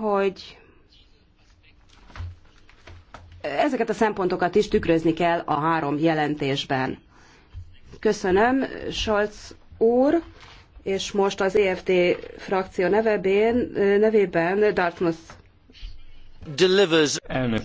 hogy ezeket a szempontokat is tükrözni kell a három jelentésben. Köszönöm, Scholz úr, és most az EFT frakció nevében, nevében Dartmouth. Delivers. Elnök